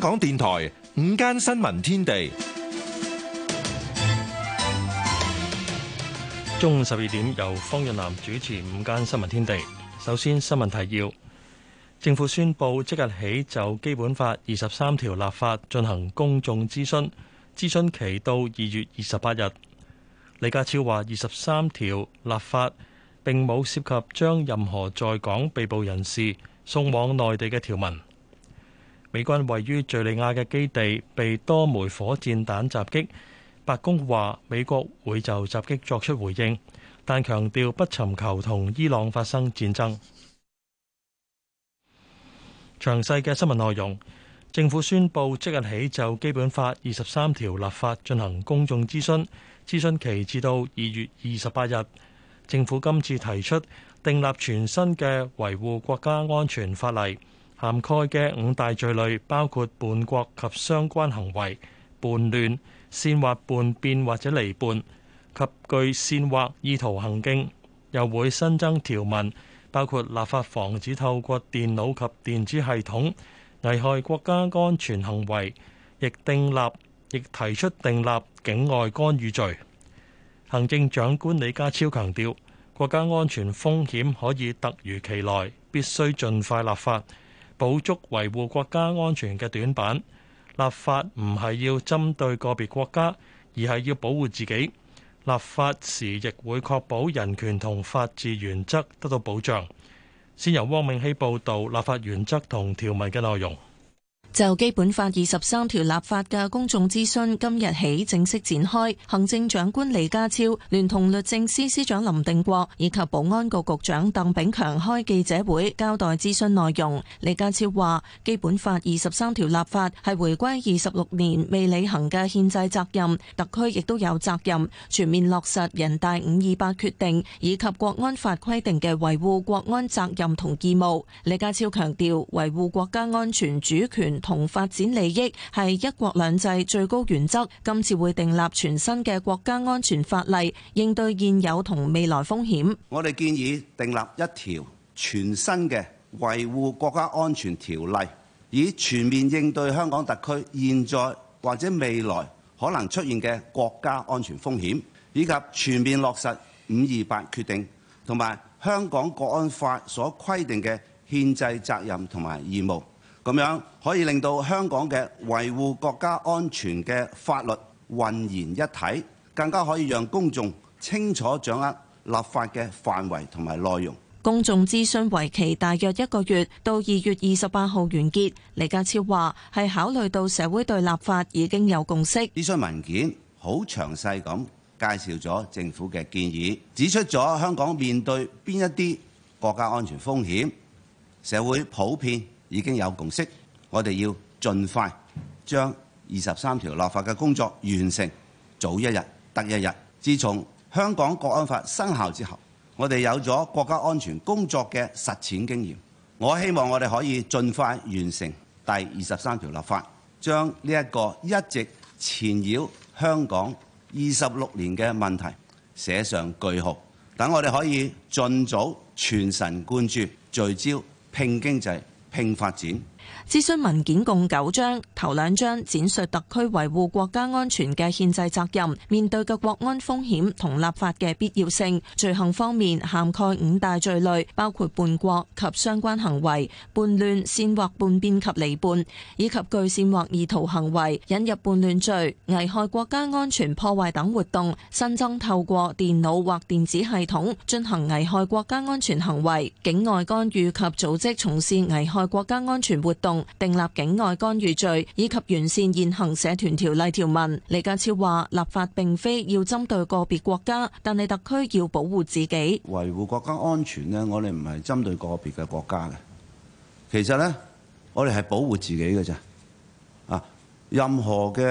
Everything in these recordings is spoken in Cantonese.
香港電台午間新聞天地，中午十二點由方潤南主持午間新聞天地。首先新聞提要：政府宣布即日起就《基本法》二十三條立法進行公眾諮詢，諮詢期到二月二十八日。李家超話：二十三條立法並冇涉及將任何在港被捕人士送往內地嘅條文。美軍位於敘利亞嘅基地被多枚火箭彈襲擊，白宮話美國會就襲擊作出回應，但強調不尋求同伊朗發生戰爭。詳細嘅新聞內容，政府宣布即日起就基本法二十三條立法進行公眾諮詢，諮詢期至到二月二十八日。政府今次提出訂立全新嘅維護國家安全法例。涵蓋嘅五大罪類包括叛國及相關行為、叛亂、煽惑叛變或者離叛，及具煽惑意圖行徑。又會新增條文，包括立法防止透過電腦及電子系統危害國家安全行為，亦訂立亦提出訂立境外干預罪。行政長官李家超強調，國家安全風險可以突如其來，必須盡快立法。補足維護國家安全嘅短板，立法唔係要針對個別國家，而係要保護自己。立法時亦會確保人權同法治原則得到保障。先由汪明熙報道立法原則同條文嘅內容。就基本法二十三條立法嘅公眾諮詢，今日起正式展開。行政長官李家超、聯同律政司司長林定國以及保安局局長鄧炳強開記者會交代諮詢內容。李家超話：基本法二十三條立法係回歸二十六年未履行嘅憲制責任，特區亦都有責任全面落實人大五二八決定以及國安法規定嘅維護國安責任同義務。李家超強調維護國家安全主權同發展利益係一國兩制最高原則。今次會訂立全新嘅國家安全法例，應對現有同未來風險。我哋建議訂立一條全新嘅維護國家安全條例，以全面應對香港特區現在或者未來可能出現嘅國家安全風險，以及全面落實五二八決定同埋香港國安法所規定嘅憲制責任同埋義務。咁樣可以令到香港嘅維護國家安全嘅法律渾然一體，更加可以讓公眾清楚掌握立法嘅範圍同埋內容。公眾諮詢為期大約一個月，到二月二十八號完結。李家超話係考慮到社會對立法已經有共識，呢份文件好詳細咁介紹咗政府嘅建議，指出咗香港面對邊一啲國家安全風險，社會普遍已經有共識，我哋要盡快將二十三條立法嘅工作完成，早一日得一日。自從香港國安法生效之後，我哋有咗國家安全工作嘅實踐經驗，我希望我哋可以盡快完成第二十三條立法，將呢一個一直纏繞香港二十六年嘅問題寫上句號，等我哋可以盡早全神貫注聚焦拼經濟。拼發展。諮詢文件共九章，頭兩章展述特區維護國家安全嘅憲制責任、面對嘅國安風險同立法嘅必要性。罪行方面涵蓋五大罪類，包括叛國及相關行為、叛亂、煽惑叛變及離叛，以及具煽惑意圖行為。引入叛亂罪、危害國家安全、破壞等活動，新增透過電腦或電子系統進行危害國家安全行為、境外干預及組織從事危害國家安全活動。訂立境外干預罪，以及完善現行社團條例條文。李家超話立法並非要針對個別國家，但係特區要保護自己，維護國家安全呢，我哋唔係針對個別嘅國家嘅，其實呢，我哋係保護自己嘅咋。任何嘅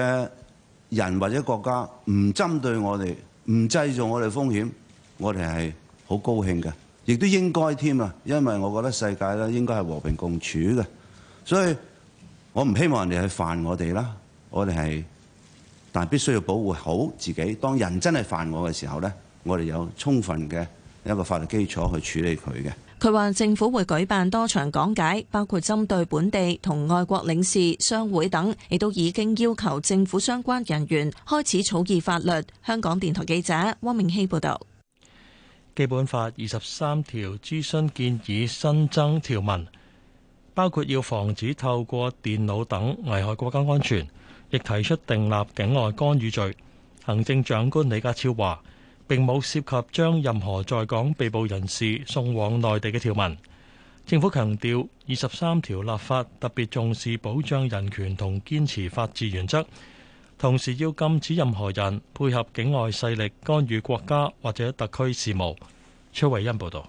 人或者國家唔針對我哋，唔製造我哋風險，我哋係好高興嘅，亦都應該添啊。因為我覺得世界咧應該係和平共處嘅。所以，我唔希望人哋去犯我哋啦。我哋係，但必須要保護好自己。當人真係犯我嘅時候咧，我哋有充分嘅一個法律基礎去處理佢嘅。佢話政府會舉辦多場講解，包括針對本地同外國領事、商會等，亦都已經要求政府相關人員開始草擬法律。香港電台記者汪明熙報道。基本法二十三條諮詢建議新增條文。包括要防止透過電腦等危害國家安全，亦提出訂立境外干預罪。行政長官李家超話：並冇涉及將任何在港被捕人士送往內地嘅條文。政府強調，二十三條立法特別重視保障人權同堅持法治原則，同時要禁止任何人配合境外勢力干預國家或者特區事務。崔慧恩報導。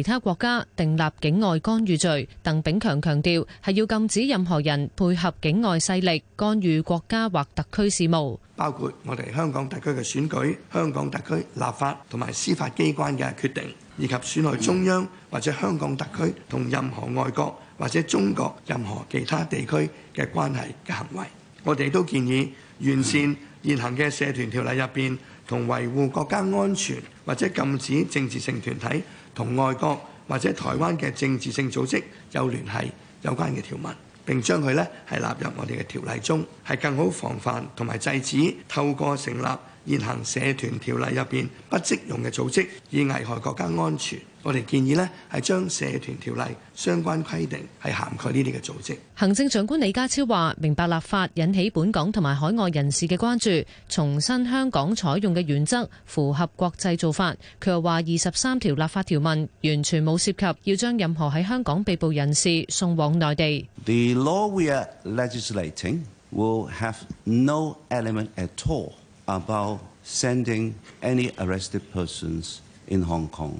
其他國家訂立境外干預罪，鄧炳強強調係要禁止任何人配合境外勢力干預國家或特區事務，包括我哋香港特區嘅選舉、香港特區立法同埋司法機關嘅決定，以及損害中央或者香港特區同任何外國或者中國任何其他地區嘅關係嘅行為。我哋都建議完善現行嘅社團條例入邊，同維護國家安全或者禁止政治性團體。同外國或者台灣嘅政治性組織有聯繫有關嘅條文，並將佢呢係納入我哋嘅條例中，係更好防範同埋制止透過成立現行社團條例入面不適用嘅組織，以危害國家安全。我哋建議呢係將社團條例相關規定係涵蓋呢啲嘅組織。行政長官李家超話：明白立法引起本港同埋海外人士嘅關注，重申香港採用嘅原則符合國際做法。佢又話：二十三條立法條文完全冇涉及要將任何喺香港被捕人士送往內地。The law we are legislating will have no element at all about sending any arrested persons in Hong Kong.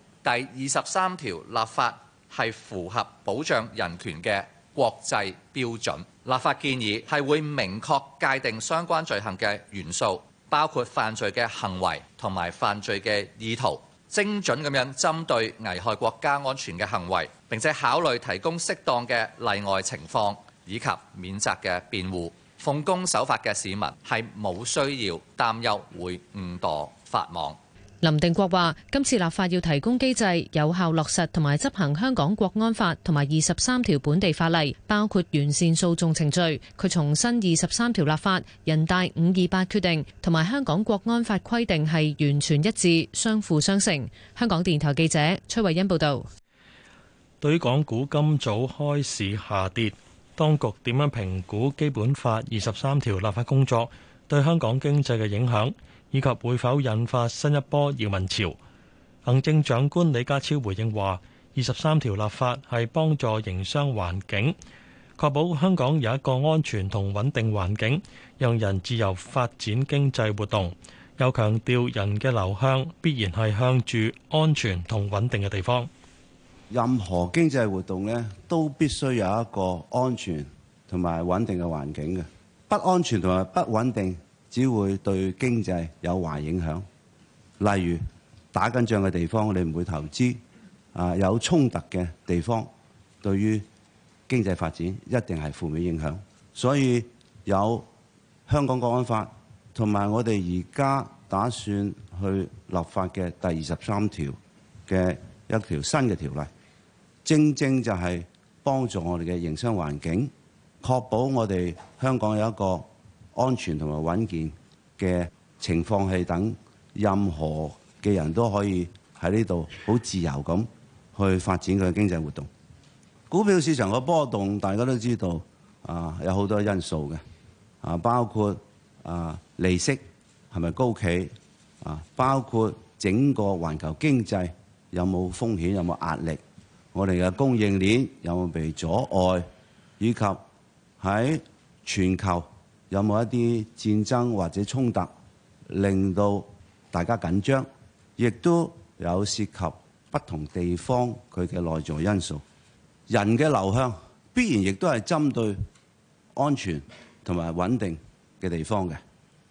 第二十三條立法係符合保障人權嘅國際標準，立法建議係會明確界定相關罪行嘅元素，包括犯罪嘅行為同埋犯罪嘅意圖，精準咁樣針對危害國家安全嘅行為，並且考慮提供適當嘅例外情況以及免責嘅辯護。奉公守法嘅市民係冇需要擔憂會誤墮法網。林定國話：今次立法要提供機制，有效落實同埋執行香港國安法同埋二十三條本地法例，包括完善訴訟程序。佢重申二十三條立法、人大五二八決定同埋香港國安法規定係完全一致、相輔相成。香港電台記者崔慧欣報道。對於港股今早開市下跌，當局點樣評估基本法、二十三條立法工作對香港經濟嘅影響？以及會否引發新一波移民潮？行政長官李家超回應話：二十三條立法係幫助營商環境，確保香港有一個安全同穩定環境，讓人自由發展經濟活動。又強調人嘅流向必然係向住安全同穩定嘅地方。任何經濟活動呢，都必須有一個安全同埋穩定嘅環境嘅。不安全同埋不穩定，只會對經濟有壞影響，例如打緊仗嘅地方，我哋唔會投資；啊，有衝突嘅地方，對於經濟發展一定係負面影響。所以有香港國安法，同埋我哋而家打算去立法嘅第二十三條嘅一條新嘅條例，正正就係幫助我哋嘅營商環境，確保我哋香港有一個安全同埋穩健嘅情況係等任何嘅人都可以喺呢度好自由咁去發展佢嘅經濟活動。股票市場嘅波動大家都知道，啊有好多因素嘅，啊包括啊利息係咪高企，啊包括整個環球經濟有冇風險，有冇壓力，我哋嘅供應鏈有冇被阻礙，以及喺全球。有冇一啲戰爭或者衝突令到大家緊張，亦都有涉及不同地方佢嘅內在因素。人嘅流向必然亦都係針對安全同埋穩定嘅地方嘅。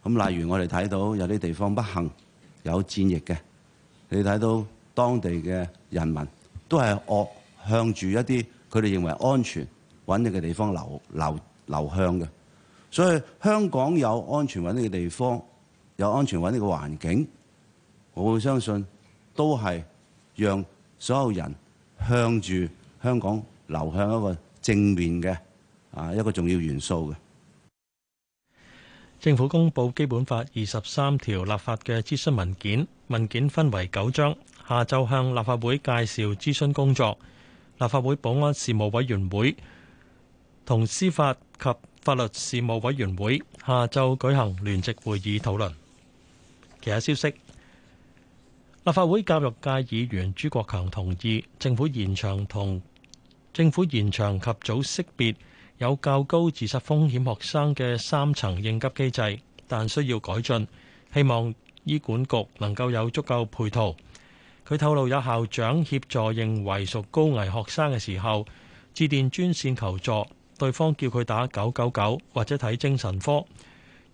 咁例如我哋睇到有啲地方不幸有戰役嘅，你睇到當地嘅人民都係惡向住一啲佢哋認為安全穩定嘅地方流流流向嘅。所以香港有安全穩定嘅地方，有安全穩定嘅環境，我會相信都係讓所有人向住香港流向一個正面嘅啊一個重要元素嘅。政府公佈《基本法》二十三條立法嘅諮詢文件，文件分為九章。下晝向立法會介紹諮詢工作，立法會保安事務委員會同司法及法律事務委員會下晝舉行聯席會議討論。其他消息，立法會教育界議員朱國強同意政府延長同政府延長及早識別有較高自殺風險學生嘅三層應急機制，但需要改進。希望醫管局能夠有足夠配套。佢透露有校長協助認為屬高危學生嘅時候，致電專線求助。對方叫佢打九九九或者睇精神科，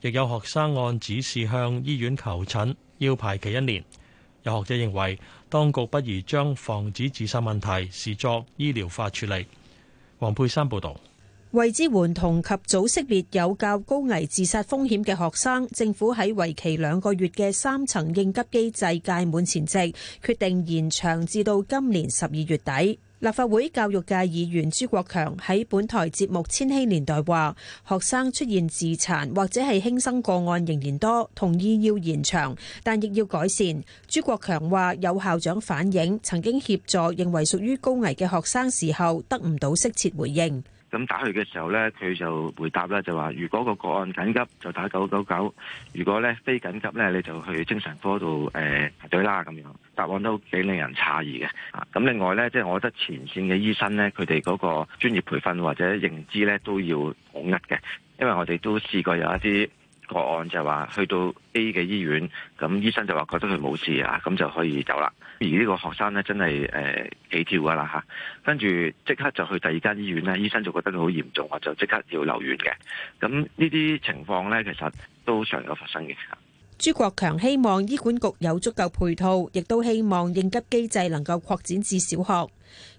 亦有學生按指示向醫院求診，要排期一年。有學者認為，當局不宜將防止自殺問題視作醫療化處理。黃佩珊報導，為支援同及早識別有較高危自殺風險嘅學生，政府喺為期兩個月嘅三層應急機制屆滿前夕，決定延長至到今年十二月底。立法會教育界議員朱國強喺本台節目《千禧年代》話，學生出現自殘或者係輕生個案仍然多，同意要延長，但亦要改善。朱國強話，有校長反映曾經協助認為屬於高危嘅學生時候，得唔到適切回應。咁打去嘅時候呢，佢就回答啦就話：如果個個案緊急，就打九九九；如果呢非緊急呢，你就去精神科度誒排隊啦。咁、呃、樣答案都幾令人詫異嘅。咁另外呢，即、就、係、是、我覺得前線嘅醫生呢，佢哋嗰個專業培訓或者認知呢都要統一嘅。因為我哋都試過有一啲。個案就係話去到 A 嘅醫院，咁醫生就話覺得佢冇事啊，咁就可以走啦。而呢個學生呢，真係誒起跳噶啦吓，跟住即刻就去第二間醫院咧，醫生就覺得佢好嚴重，就即刻要留院嘅。咁呢啲情況呢，其實都常有發生嘅。朱國強希望醫管局有足夠配套，亦都希望應急機制能夠擴展至小學。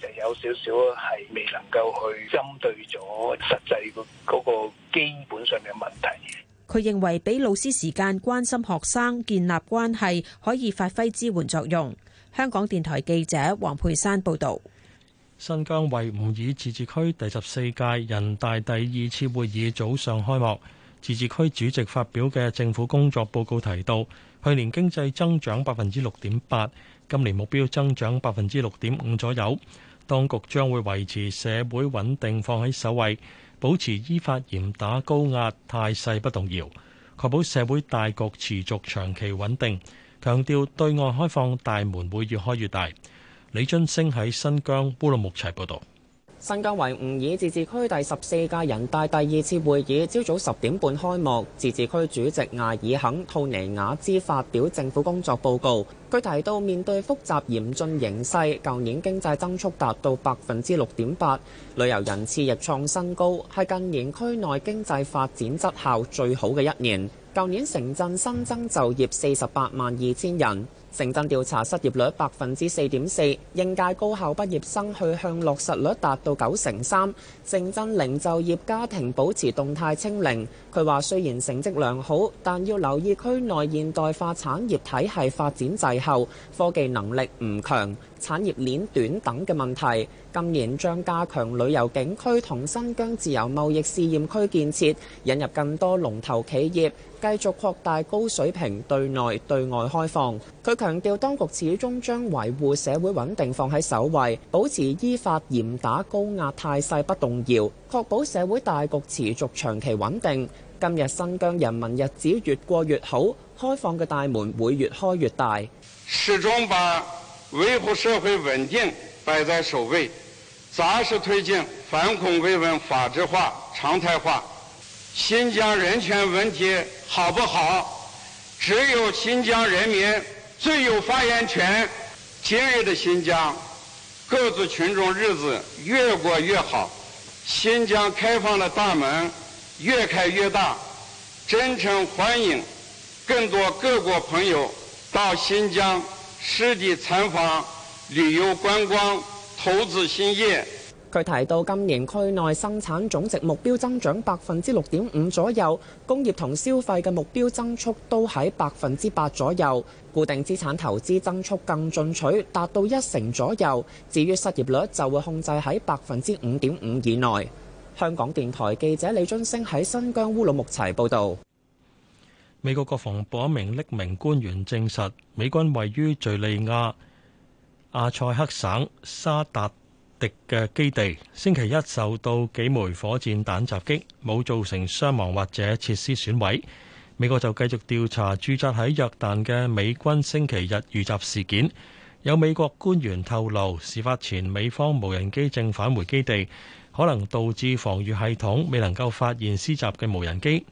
就有少少係未能夠去針對咗實際個嗰個基本上嘅問題。佢認為俾老師時間關心學生、建立關係，可以發揮支援作用。香港電台記者黃佩珊報道。新疆維吾爾自治區第十四屆人大第二次會議早上開幕，自治區主席發表嘅政府工作報告提到，去年經濟增長百分之六點八，今年目標增長百分之六點五左右。當局將會維持社會穩定放喺首位，保持依法嚴打高壓態勢不動搖，確保社會大局持續長期穩定。強調對外開放大門會越開越大。李津升喺新疆烏魯木齊報道。新疆維吾爾自治區第十四屆人大第二次會議朝早十點半開幕，自治區主席艾爾肯·吐尼亞孜發表政府工作報告。佢提到，面對複雜嚴峻形勢，舊年經濟增速達到百分之六點八，旅遊人次亦創新高，係近年區內經濟發展質效最好嘅一年。舊年城鎮新增就業四十八萬二千人。城鎮調查失業率百分之四點四，應屆高校畢業生去向落實率達到九成三，城鎮零就業家庭保持動態清零。佢話雖然成績良好，但要留意區內現代化產業體系發展滯後、科技能力唔強、產業鏈短等嘅問題。今年將加強旅遊景區同新疆自由貿易試驗區建設，引入更多龍頭企業，繼續擴大高水平對內對外開放。佢強調當局始終將維護社會穩定放喺首位，保持依法嚴打高壓態勢不動搖，確保社會大局持續長期穩定。今日新疆人民日子越過越好，開放嘅大門會越開越大。始終把維護社會穩定擺在首位，扎實推進反恐維穩法制化、常態化。新疆人權問題好不好，只有新疆人民。最有發言權，今日的新疆，各族群眾日子越過越好，新疆開放的大門越開越大，真誠歡迎更多各國朋友到新疆實地參訪、旅遊觀光、投資興業。佢提到今年區內生產總值目標增長百分之六點五左右，工業同消費嘅目標增速都喺百分之八左右，固定資產投資增速更進取，達到一成左右。至於失業率就會控制喺百分之五點五以內。香港電台記者李津升喺新疆烏魯木齊報道。美國國防部一名匿名官員證實美軍位於敘利亞阿塞克省沙達，的嘅基地，星期一受到幾枚火箭彈襲擊，冇造成傷亡或者設施損毀，美國就繼續調查駐紮喺約旦嘅美軍星期日遇襲事件。有美國官員透露，事發前美方無人機正返回基地，可能導致防禦系統未能夠發現施襲嘅無人機，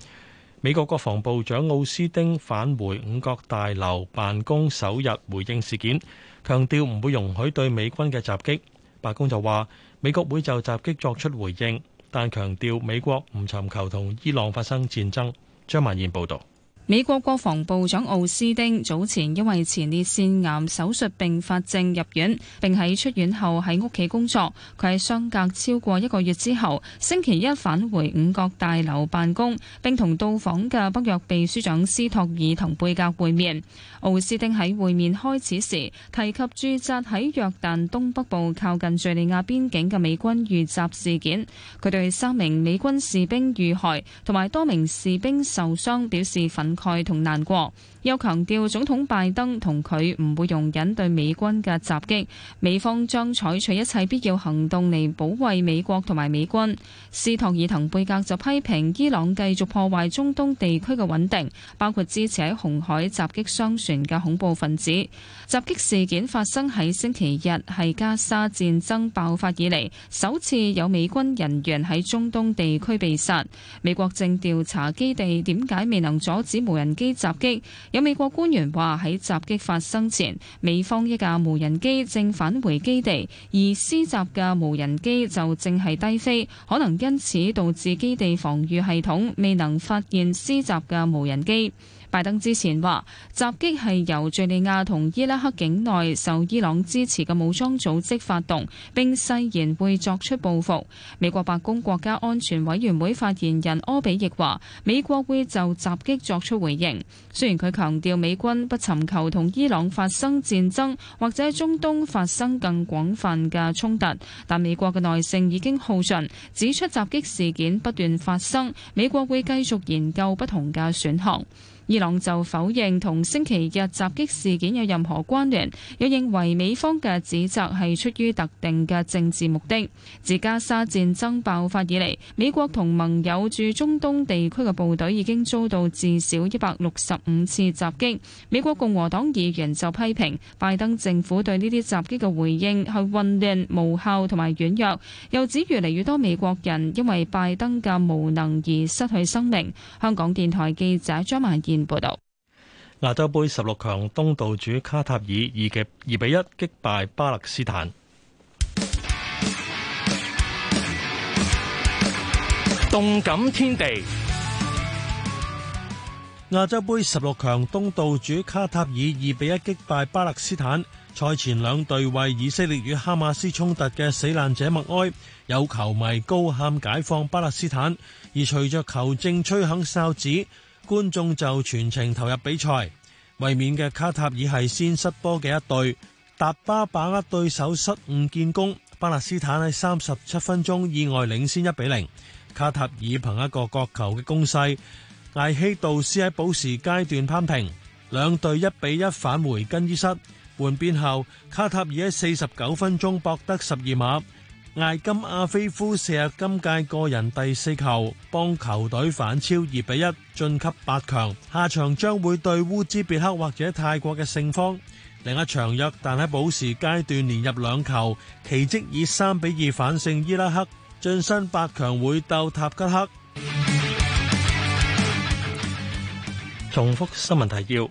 美國國防部長奧斯汀返回五角大樓辦公首日，回應事件，強調唔會容許對美軍嘅襲擊。白宮就話，美國會就襲擊作出回應，但強調美國唔尋求同伊朗發生戰爭。張曼燕報道。美國國防部長奧斯丁早前因為前列腺癌手術併發症入院，並喺出院後喺屋企工作。佢喺相隔超過一個月之後，星期一返回五角大樓辦公，並同到訪嘅北約秘書長斯托爾同貝格會面。奧斯丁喺會面開始時提及駐紮喺約旦東北部靠近敘利亞邊境嘅美軍遇襲事件，佢對三名美軍士兵遇害同埋多名士兵受傷表示憤。概同難過，又強調總統拜登同佢唔會容忍對美軍嘅襲擊，美方將採取一切必要行動嚟保衛美國同埋美軍，斯托爾滕貝格就批評伊朗繼續破壞中東地區嘅穩定，包括支持喺紅海襲擊商船嘅恐怖分子。襲擊事件發生喺星期日，係加沙戰爭爆發以嚟首次有美軍人員喺中東地區被殺。美國正調查基地點解未能阻止無人機襲擊。有美國官員話喺襲擊發生前，美方一架無人機正返回基地，而施襲嘅無人機就正係低飛，可能因此導致基地防禦系統未能發現施襲嘅無人機。拜登之前話，襲擊係由敘利亞同伊拉克境內受伊朗支持嘅武裝組織發動，並誓言會作出報復。美國白宮國家安全委員會發言人柯比亦話，美國會就襲擊作出回應。雖然佢強調美軍不尋求同伊朗發生戰爭，或者中東發生更廣泛嘅衝突，但美國嘅耐性已經耗盡。指出襲擊事件不斷發生，美國會繼續研究不同嘅選項。伊朗就否認同星期日襲擊事件有任何關聯，又認為美方嘅指責係出於特定嘅政治目的。自加沙戰爭爆發以嚟，美國同盟友駐中東地區嘅部隊已經遭到至少一百六十五次襲擊。美國共和黨議員就批評拜登政府對呢啲襲擊嘅回應係混亂、無效同埋軟弱，又指越嚟越多美國人因為拜登嘅無能而失去生命。香港電台記者張曼怡。報亞洲杯十六強，東道主卡塔爾以及二比一擊敗巴勒斯坦。動感天地，亞洲杯十六強，東道主卡塔爾二比一擊敗巴勒斯坦。賽前兩隊為以色列與哈馬斯衝突嘅死難者默哀，有球迷高喊解放巴勒斯坦，而隨着球證吹響哨子。觀眾就全程投入比賽，衛冕嘅卡塔爾係先失波嘅一隊，達巴把握對手失誤建功。巴勒斯坦喺三十七分鐘意外領先一比零，卡塔爾憑一個角球嘅攻勢，艾希道斯喺補時階段攀平，兩隊一比一返回更衣室換邊後，卡塔爾喺四十九分鐘博得十二碼。艾金阿菲夫射入今屆個人第四球，幫球隊反超二比一晉級八強。下場將會對烏茲別克或者泰國嘅勝方。另一場約旦喺補時階段連入兩球，奇蹟以三比二反勝伊拉克，晉身八強會鬥塔吉克。重複新聞提要。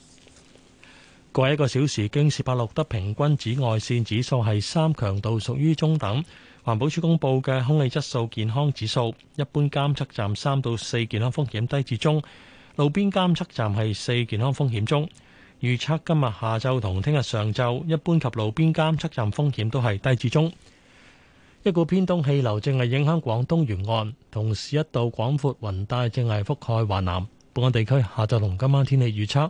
過一個小時，京士柏錄得平均紫外線指數係三強度，強度屬於中等。環保署公布嘅空氣質素健康指數，一般監測站三到四，健康風險低至中；路邊監測站係四，健康風險中。預測今日下晝同聽日上晝，一般及路邊監測站風險都係低至中。一股偏東氣流正係影響廣東沿岸，同時一道廣闊雲帶正係覆蓋華南。本港地區下晝同今晚天氣預測。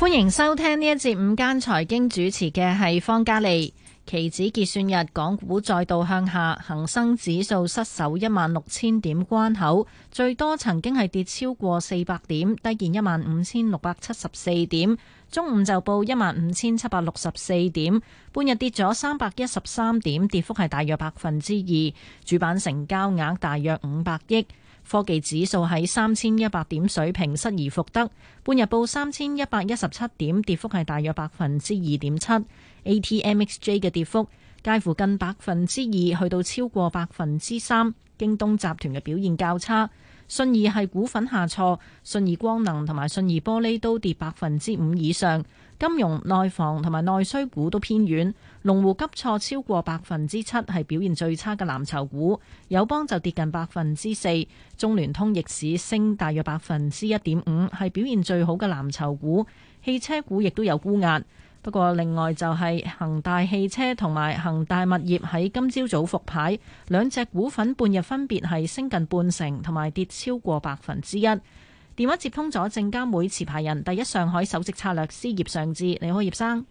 歡迎收聽呢一節午間財經，主持嘅係方嘉利。期指結算日，港股再度向下，恒生指數失守一萬六千點關口，最多曾經係跌超過四百點，低見一萬五千六百七十四點。中午就報一萬五千七百六十四點，半日跌咗三百一十三點，跌幅係大約百分之二。主板成交額大約五百億。科技指數喺三千一百點水平失而復得，半日報三千一百一十七點，跌幅係大約百分之二點七。ATMXJ 嘅跌幅介乎近百分之二去到超過百分之三。京東集團嘅表現較差，信義係股份下挫，信義光能同埋信義玻璃都跌百分之五以上。金融內房同埋內需股都偏軟，龍湖急挫超過百分之七，係表現最差嘅藍籌股；友邦就跌近百分之四，中聯通逆市升大約百分之一點五，係表現最好嘅藍籌股。汽車股亦都有沽壓。不過另外就係恒大汽車同埋恒大物業喺今朝早復牌，兩隻股份半日分別係升近半成同埋跌超過百分之一。電話接通咗證監會持牌人、第一上海首席策略師葉尚志，你好，葉生。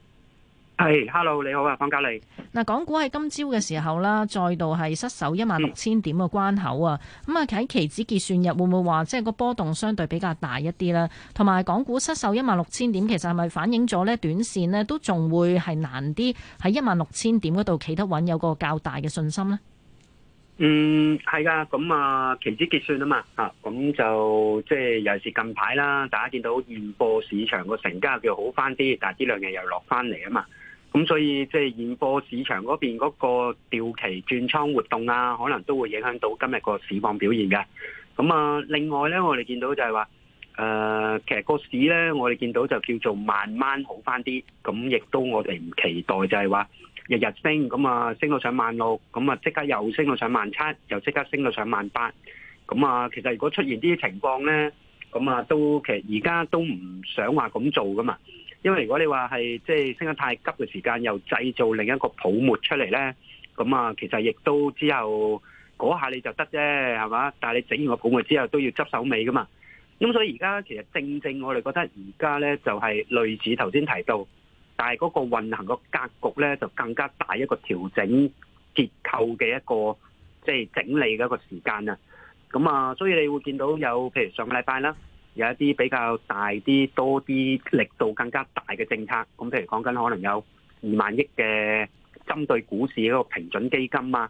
係、hey，hello，你好啊，方嘉利。嗱，港股喺今朝嘅時候啦，再度係失守一萬六千點嘅關口啊。咁啊、嗯，喺期指結算日會唔會話，即係個波動相對比較大一啲呢？同埋，港股失守一萬六千點，其實係咪反映咗呢？短線呢都仲會係難啲喺一萬六千點嗰度企得穩，有個較大嘅信心呢？嗯，係噶，咁啊期指結算啊嘛，嚇、啊，咁、嗯、就即係尤其是近排啦，大家見到現貨市場個成交又叫好翻啲，但係呢兩日又落翻嚟啊嘛，咁、嗯、所以即係、就是、現貨市場嗰邊嗰個調期轉倉活動啊，可能都會影響到今日個市況表現嘅。咁、嗯、啊，另外咧，我哋見到就係話，誒、呃，其實個市咧，我哋見到就叫做慢慢好翻啲，咁、嗯、亦都我哋唔期待就係話。日日升咁啊，升到上萬六，咁啊即刻又升到上萬七，又即刻升到上萬八，咁啊其實如果出現啲情況呢，咁啊都其實而家都唔想話咁做㗎嘛，因為如果你話係即係升得太急嘅時間，又製造另一個泡沫出嚟呢，咁啊其實亦都之後嗰下你就得啫，係嘛？但係你整完個泡沫之後都要執手尾㗎嘛，咁所以而家其實正正我哋覺得而家呢，就係類似頭先提到。但係嗰個運行個格局咧，就更加大一個調整結構嘅一個即係、就是、整理嘅一個時間啊！咁啊，所以你會見到有，譬如上個禮拜啦，有一啲比較大啲、多啲力度更加大嘅政策。咁，譬如講緊可能有二萬億嘅針對股市嗰個平準基金啊，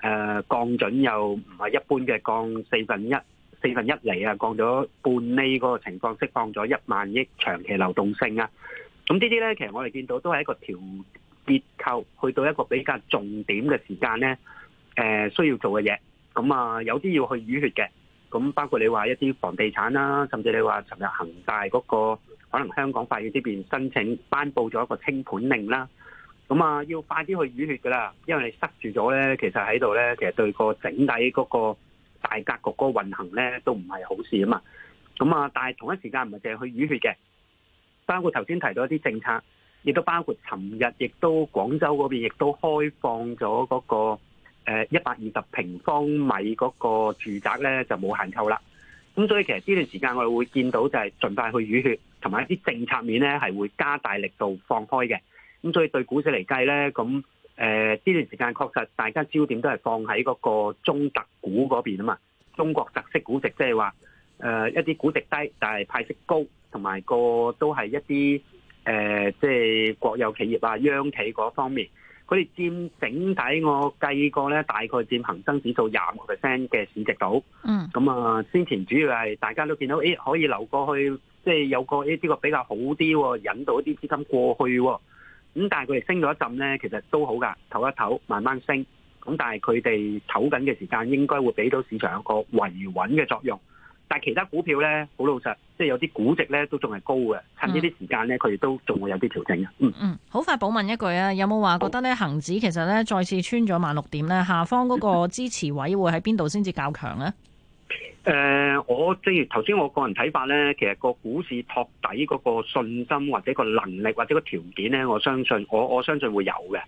誒、呃、降準又唔係一般嘅降四分一、四分一厘啊，降咗半厘個情況，釋放咗一萬億長期流動性啊！咁呢啲咧，其實我哋見到都係一個調結構，去到一個比較重點嘅時間咧，呃，需要做嘅嘢。咁啊，有啲要去淤血嘅。咁包括你話一啲房地產啦，甚至你話尋日恒大嗰個可能香港法院呢邊申請頒佈咗一個清盤令啦。咁啊，要快啲去淤血㗎啦，因為你塞住咗咧，其實喺度咧，其實對個整體嗰個大格局嗰個運行咧，都唔係好事啊嘛。咁啊，但係同一時間唔係淨係去淤血嘅。包括頭先提到一啲政策，亦都包括尋日，亦都廣州嗰邊亦都開放咗嗰個一百二十平方米嗰個住宅咧就冇限購啦。咁所以其實呢段時間我哋會見到就係盡快去雨血，同埋一啲政策面咧係會加大力度放開嘅。咁所以對股市嚟計咧，咁誒呢段時間確實大家焦點都係放喺嗰個中特估嗰邊啊嘛，中國特色估值，即係話誒一啲估值低，但係派息高。同埋個都係一啲誒、呃，即係國有企業啊、央企嗰方面，佢哋佔整體我計過咧，大概佔恒生指數廿五個 percent 嘅市值度。嗯。咁啊、嗯，先前主要係大家都見到，咦、哎，可以流過去，即係有個誒呢個比較好啲，引導一啲資金過去。咁、嗯、但係佢哋升咗一陣咧，其實都好噶，唞一唞，慢慢升。咁但係佢哋唞緊嘅時間，應該會俾到市場一個維穩嘅作用。但係其他股票咧，好老實，即係有啲估值咧都仲係高嘅，趁呢啲時間咧，佢哋都仲會有啲調整嘅。嗯嗯，好快補問一句啊，有冇話覺得咧恒指其實咧再次穿咗萬六點咧，下方嗰個支持位會喺邊度先至較強咧？誒、呃，我即係頭先，我個人睇法咧，其實個股市托底嗰個信心或者個能力或者個條件咧，我相信，我我相信會有嘅。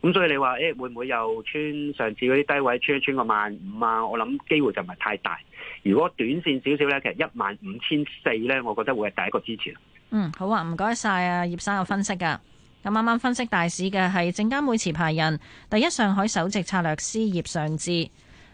咁、嗯、所以你話、欸、會唔會又穿上次嗰啲低位穿一穿個萬五啊？我諗機會就唔係太大。如果短線少少呢，其實一萬五千四呢，我覺得會係第一個支持。嗯，好啊，唔該晒啊，葉生有分析㗎。咁啱啱分析大市嘅係證監會持牌人，第一上海首席策略師葉尚志。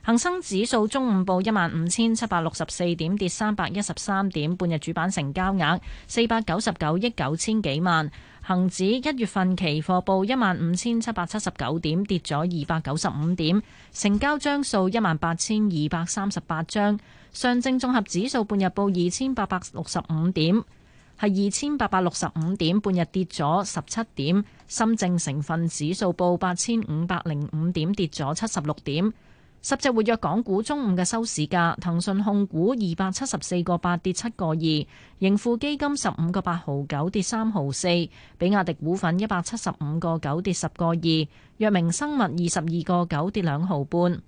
恒生指數中午報一萬五千七百六十四點，跌三百一十三點。半日主板成交額四百九十九億九千幾萬。恒指一月份期貨報一萬五千七百七十九點，跌咗二百九十五點，成交張數一萬八千二百三十八張，上證綜合指數半日報二千八百六十五點，係二千八百六十五點，半日跌咗十七點，深證成分指數報八千五百零五點，跌咗七十六點。十隻活躍港股中午嘅收市價，騰訊控股二百七十四個八跌七個二，盈富基金十五個八毫九跌三毫四，比亞迪股份一百七十五個九跌十個二，藥明生物二十二個九跌兩毫半，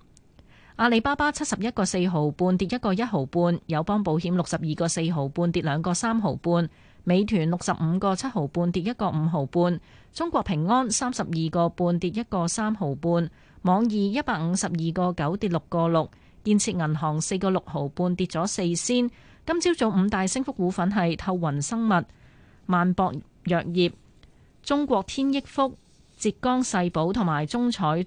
阿里巴巴七十一個四毫半跌一個一毫半，友邦保險六十二個四毫半跌兩個三毫半。美團六十五個七毫半跌一個五毫半，中國平安三十二個半跌一個三毫半，網易一百五十二個九跌六個六，建設銀行四個六毫半跌咗四仙。今朝早五大升幅股份係透雲生物、萬博藥業、中國天益福、浙江世寶同埋中彩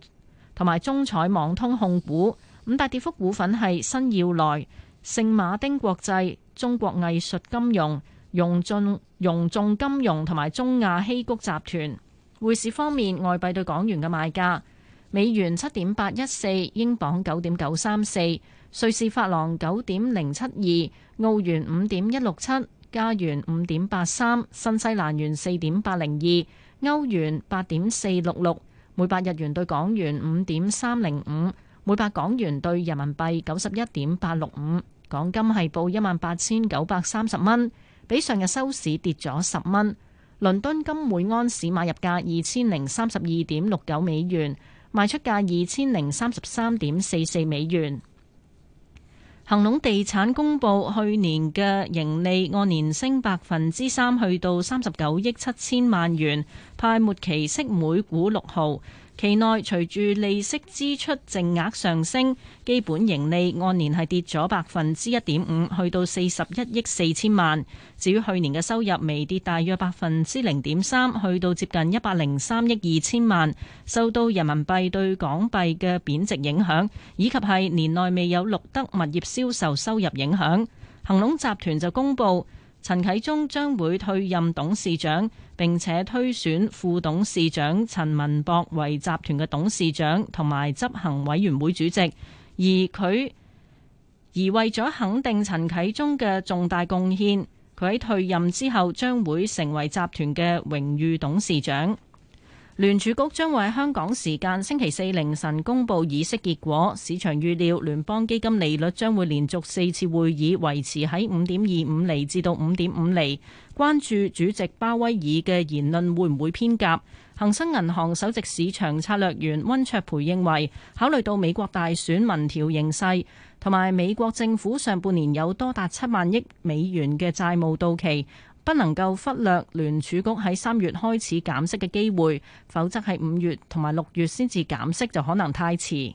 同埋中彩網通控股。五大跌幅股份係新耀來、聖馬丁國際、中國藝術金融。融進融眾金融同埋中亞希谷集團。匯市方面，外幣對港元嘅賣價：美元七點八一四，英鎊九點九三四，瑞士法郎九點零七二，澳元五點一六七，加元五點八三，新西蘭元四點八零二，歐元八點四六六，每百日元對港元五點三零五，每百港元對人民幣九十一點八六五。港金係報一萬八千九百三十蚊。比上日收市跌咗十蚊。倫敦金每安士買入價二千零三十二點六九美元，賣出價二千零三十三點四四美元。恒隆地產公佈去年嘅盈利按年升百分之三，去到三十九億七千萬元，派末期息每股六毫。期內隨住利息支出淨額上升，基本盈利按年係跌咗百分之一點五，去到四十一億四千萬。至於去年嘅收入，微跌大約百分之零點三，去到接近一百零三億二千萬。受到人民幣對港幣嘅貶值影響，以及係年內未有錄得物業銷售收入影響，恒隆集團就公布陳啟宗將會退任董事長。並且推選副董事長陳文博為集團嘅董事長同埋執行委員會主席，而佢而為咗肯定陳啟宗嘅重大貢獻，佢喺退任之後將會成為集團嘅榮譽董事長。聯儲局將會喺香港時間星期四凌晨公佈議息結果，市場預料聯邦基金利率將會連續四次會議維持喺5.25厘至到5.5厘。關注主席鮑威爾嘅言論會唔會偏鴿。恒生銀行首席市場策略員温卓培認為，考慮到美國大選民調形勢同埋美國政府上半年有多達七萬億美元嘅債務到期。不能夠忽略聯儲局喺三月開始減息嘅機會，否則喺五月同埋六月先至減息就可能太遲。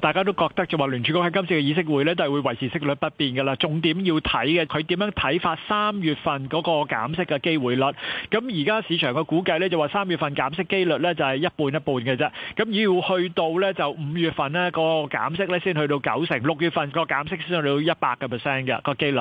大家都覺得就話聯儲局喺今次嘅議息會呢，都係會維持息率不變㗎啦。重點要睇嘅，佢點樣睇法三月份嗰個減息嘅機會率。咁而家市場嘅估計呢，就話三月份減息機率呢，就係一半一半嘅啫。咁要去到呢，就五月份呢個減息呢，先去到九成，六月份個減息先去到一百個 percent 嘅個機率。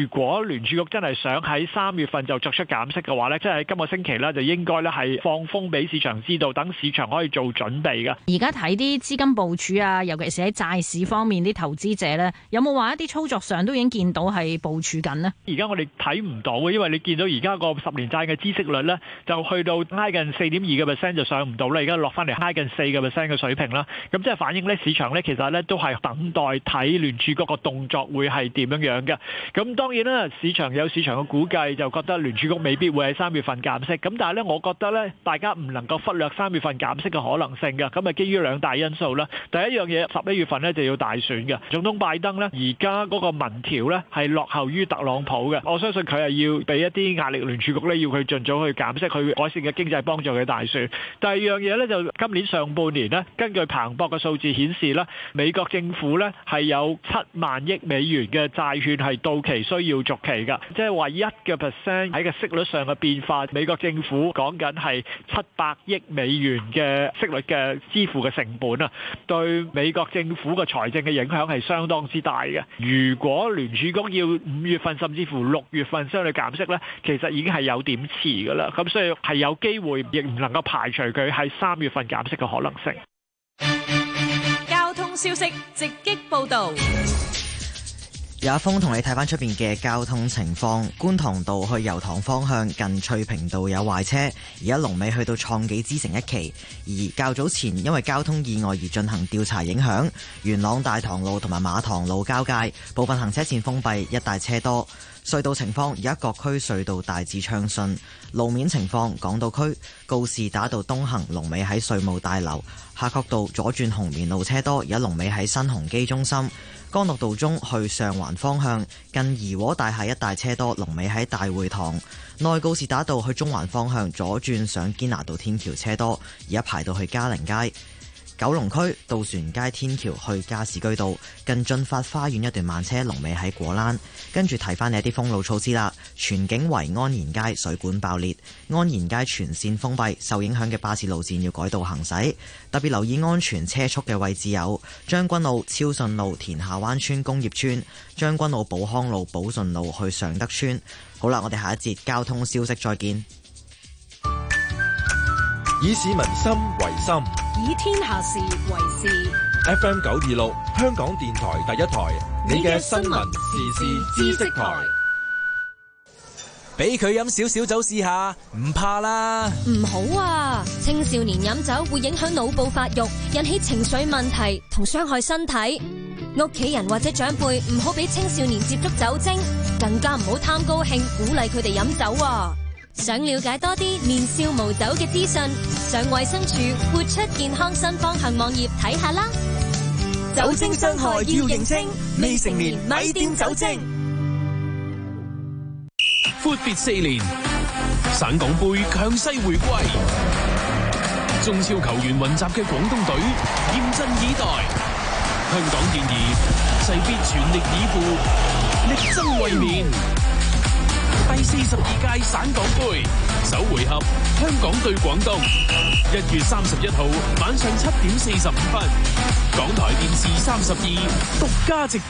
如果聯儲局真係想喺三月份就作出減息嘅話呢，即係今個星期呢，就應該呢，係放風俾市場知道，等市場可以做準備㗎。而家睇啲資金部署啊～尤其是喺債市方面，啲投資者呢，有冇話一啲操作上都已經見到係部署緊呢？而家我哋睇唔到，因為你見到而家個十年債嘅孳息率呢，就去到挨近四點二個 percent 就上唔到啦，而家落翻嚟挨近四個 percent 嘅水平啦。咁即係反映呢，市場呢，其實呢都係等待睇聯儲局個動作會係點樣樣嘅。咁當然啦，市場有市場嘅估計，就覺得聯儲局未必會喺三月份減息。咁但係呢，我覺得呢，大家唔能夠忽略三月份減息嘅可能性嘅。咁啊，基於兩大因素啦，第一樣嘢。十一月份咧，就要大選嘅，總統拜登呢，而家嗰個民調呢，係落後於特朗普嘅，我相信佢係要俾一啲壓力聯儲局呢，要佢盡早去減息，去改善嘅經濟幫助佢大選。第二樣嘢呢，就今年上半年呢，根據彭博嘅數字顯示呢，美國政府呢係有七萬億美元嘅債券係到期需要續期嘅，即係一個 percent 喺個息率上嘅變化，美國政府講緊係七百億美元嘅息率嘅支付嘅成本啊，對美。美國政府嘅財政嘅影響係相當之大嘅。如果聯儲局要五月份甚至乎六月份相對減息呢，其實已經係有點遲噶啦。咁所以係有機會，亦唔能夠排除佢喺三月份減息嘅可能性。交通消息，直擊報道。有阿峰同你睇翻出邊嘅交通情況，觀塘道去油塘方向近翠屏道有壞車，而家龍尾去到創紀之城一期。而較早前因為交通意外而進行調查影響，影響元朗大棠路同埋馬塘路交界部分行車線封閉，一帶車多。隧道情況而家各區隧道大致暢順，路面情況港島區告士打道東行龍尾喺稅務大樓，夏慤道左轉紅棉路車多，而家龍尾喺新鴻基中心。干諾道中去上環方向，近怡和大廈一帶車多，龍尾喺大會堂。內告士打道去中環方向，左轉上堅拿道天橋車多，而家排到去加寧街。九龍區渡船街天橋去加士居道近駿發花園一段慢車，龍尾喺果欄，跟住提翻你一啲封路措施啦。荃景圍安賢街水管爆裂，安賢街全線封閉，受影響嘅巴士路線要改道行駛。特別留意安全車速嘅位置有將軍澳、超順路、田下灣村工業村、將軍澳、寶康路、寶順路去尚德邨。好啦，我哋下一節交通消息再見。以市民心為心，以天下事為事。FM 九二六，香港電台第一台，你嘅新聞時事知識台。俾佢飲少少酒試下，唔怕啦。唔好啊，青少年飲酒會影響腦部發育，引起情緒問題同傷害身體。屋企人或者長輩唔好俾青少年接觸酒精，更加唔好貪高興鼓勵佢哋飲酒啊！想了解多啲年少無酒嘅資訊，上衛生署活出健康新方向網頁睇下啦。看看酒精傷害要認清，未成年咪掂酒精。闊別四年，省港杯強勢回歸，中超球員雲集嘅廣東隊嚴陣以待。香港健兒勢必全力以赴，力爭衛冕。第四十二屆省港杯首回合，香港對廣東，一月三十一號晚上七點四十五分，港台電視三十二獨家直播。